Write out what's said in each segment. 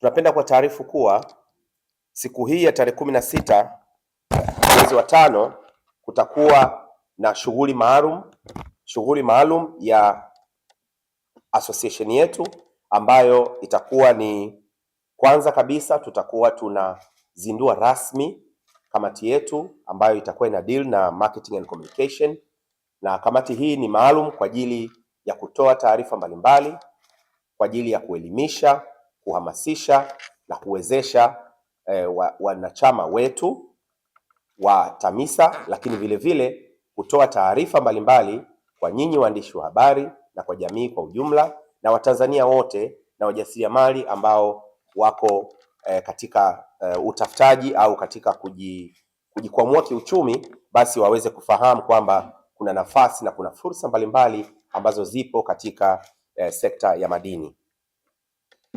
Tunapenda kwa taarifu kuwa siku hii ya tarehe kumi na sita mwezi wa tano kutakuwa na shughuli maalum, shughuli maalum ya association yetu ambayo itakuwa ni kwanza kabisa tutakuwa tunazindua rasmi kamati yetu ambayo itakuwa ina deal na marketing and communication, na kamati hii ni maalum kwa ajili ya kutoa taarifa mbalimbali kwa ajili ya kuelimisha kuhamasisha na kuwezesha eh, wanachama wa wetu wa TAMISA, lakini vile vile kutoa taarifa mbalimbali kwa nyinyi waandishi wa habari na kwa jamii kwa ujumla na Watanzania wote na wajasiriamali ambao wako eh, katika eh, utafutaji au katika kuji, kujikwamua kiuchumi, basi waweze kufahamu kwamba kuna nafasi na kuna fursa mbalimbali ambazo zipo katika eh, sekta ya madini.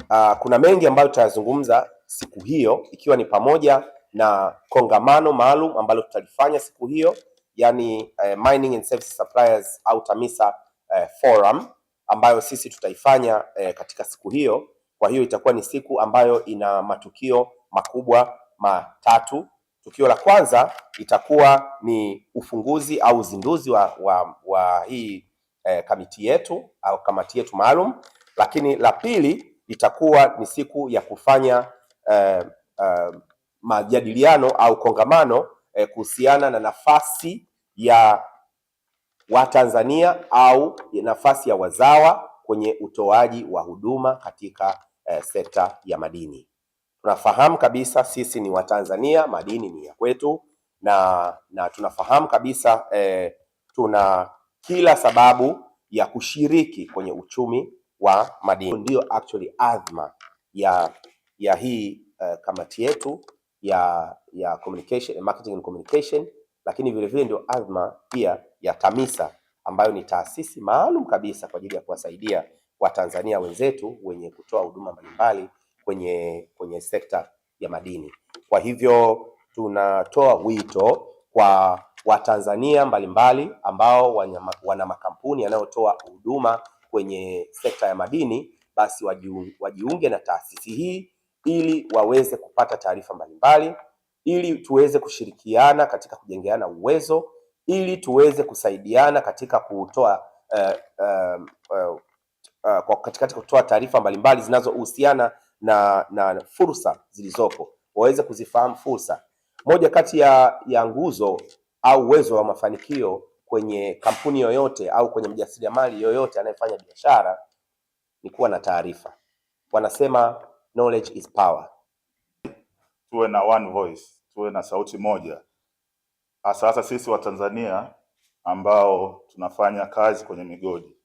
Uh, kuna mengi ambayo tutayazungumza siku hiyo ikiwa ni pamoja na kongamano maalum ambalo tutalifanya siku hiyo yani, uh, Mining and Services Suppliers au TAMISA uh, forum ambayo sisi tutaifanya uh, katika siku hiyo. Kwa hiyo itakuwa ni siku ambayo ina matukio makubwa matatu. Tukio la kwanza itakuwa ni ufunguzi au uzinduzi wa, wa, wa hii eh, kamiti yetu au kamati yetu maalum, lakini la pili itakuwa ni siku ya kufanya eh, eh, majadiliano au kongamano eh, kuhusiana na nafasi ya Watanzania au nafasi ya wazawa kwenye utoaji wa huduma katika eh, sekta ya madini. Tunafahamu kabisa sisi ni Watanzania, madini ni ya kwetu na, na tunafahamu kabisa eh, tuna kila sababu ya kushiriki kwenye uchumi wa madini. Ndiyo actually adhma ya ya hii uh, kamati yetu ya ya communication, marketing and communication, lakini vile vile ndio azma pia ya TAMISA ambayo ni taasisi maalum kabisa kwa ajili ya kuwasaidia Watanzania wenzetu wenye kutoa huduma mbalimbali kwenye kwenye sekta ya madini. Kwa hivyo tunatoa wito kwa Watanzania mbalimbali ambao wana makampuni yanayotoa huduma kwenye sekta ya madini, basi wajiunge, na taasisi hii ili waweze kupata taarifa mbalimbali, ili tuweze kushirikiana katika kujengeana uwezo, ili tuweze kusaidiana katika kutoa uh, uh, uh, uh, kutoa taarifa mbalimbali zinazohusiana na, na fursa zilizopo, waweze kuzifahamu fursa. Moja kati ya, ya nguzo au uwezo wa mafanikio kwenye kampuni yoyote au kwenye mjasiriamali yoyote anayefanya biashara ni kuwa na taarifa. Wanasema knowledge is power. Tuwe na one voice, tuwe na sauti moja, hasa hasa sisi Watanzania ambao tunafanya kazi kwenye migodi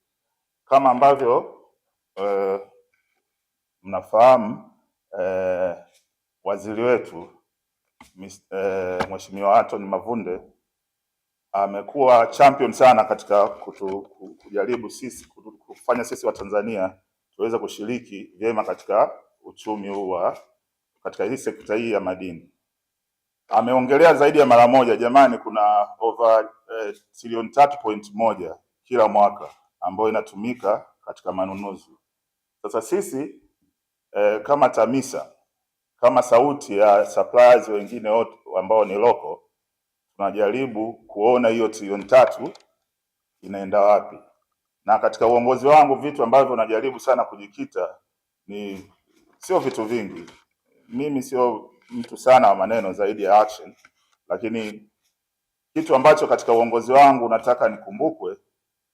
kama ambavyo eh, mnafahamu eh, waziri wetu eh, Mheshimiwa Anthony Mavunde amekuwa champion sana katika kutu, kujaribu sisi kufanya sisi Watanzania tuweze kushiriki vyema katika uchumi huu wa katika hii sekta hii ya madini. Ameongelea zaidi ya mara moja, jamani, kuna over eh, trilioni tatu point moja kila mwaka ambayo inatumika katika manunuzi. Sasa sisi eh, kama TAMISA kama sauti ya suppliers wengine wote ambao ni local tunajaribu kuona hiyo trilioni tatu inaenda wapi. Na katika uongozi wangu vitu ambavyo najaribu sana kujikita ni sio vitu vingi. Mimi sio mtu sana wa maneno, zaidi ya action, lakini kitu ambacho katika uongozi wangu nataka nikumbukwe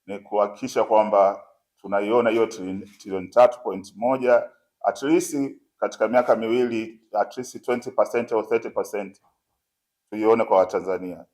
ni kuhakikisha kwamba tunaiona hiyo trilioni tatu point moja at least katika miaka miwili at least 20% au 30% tuione kwa Watanzania.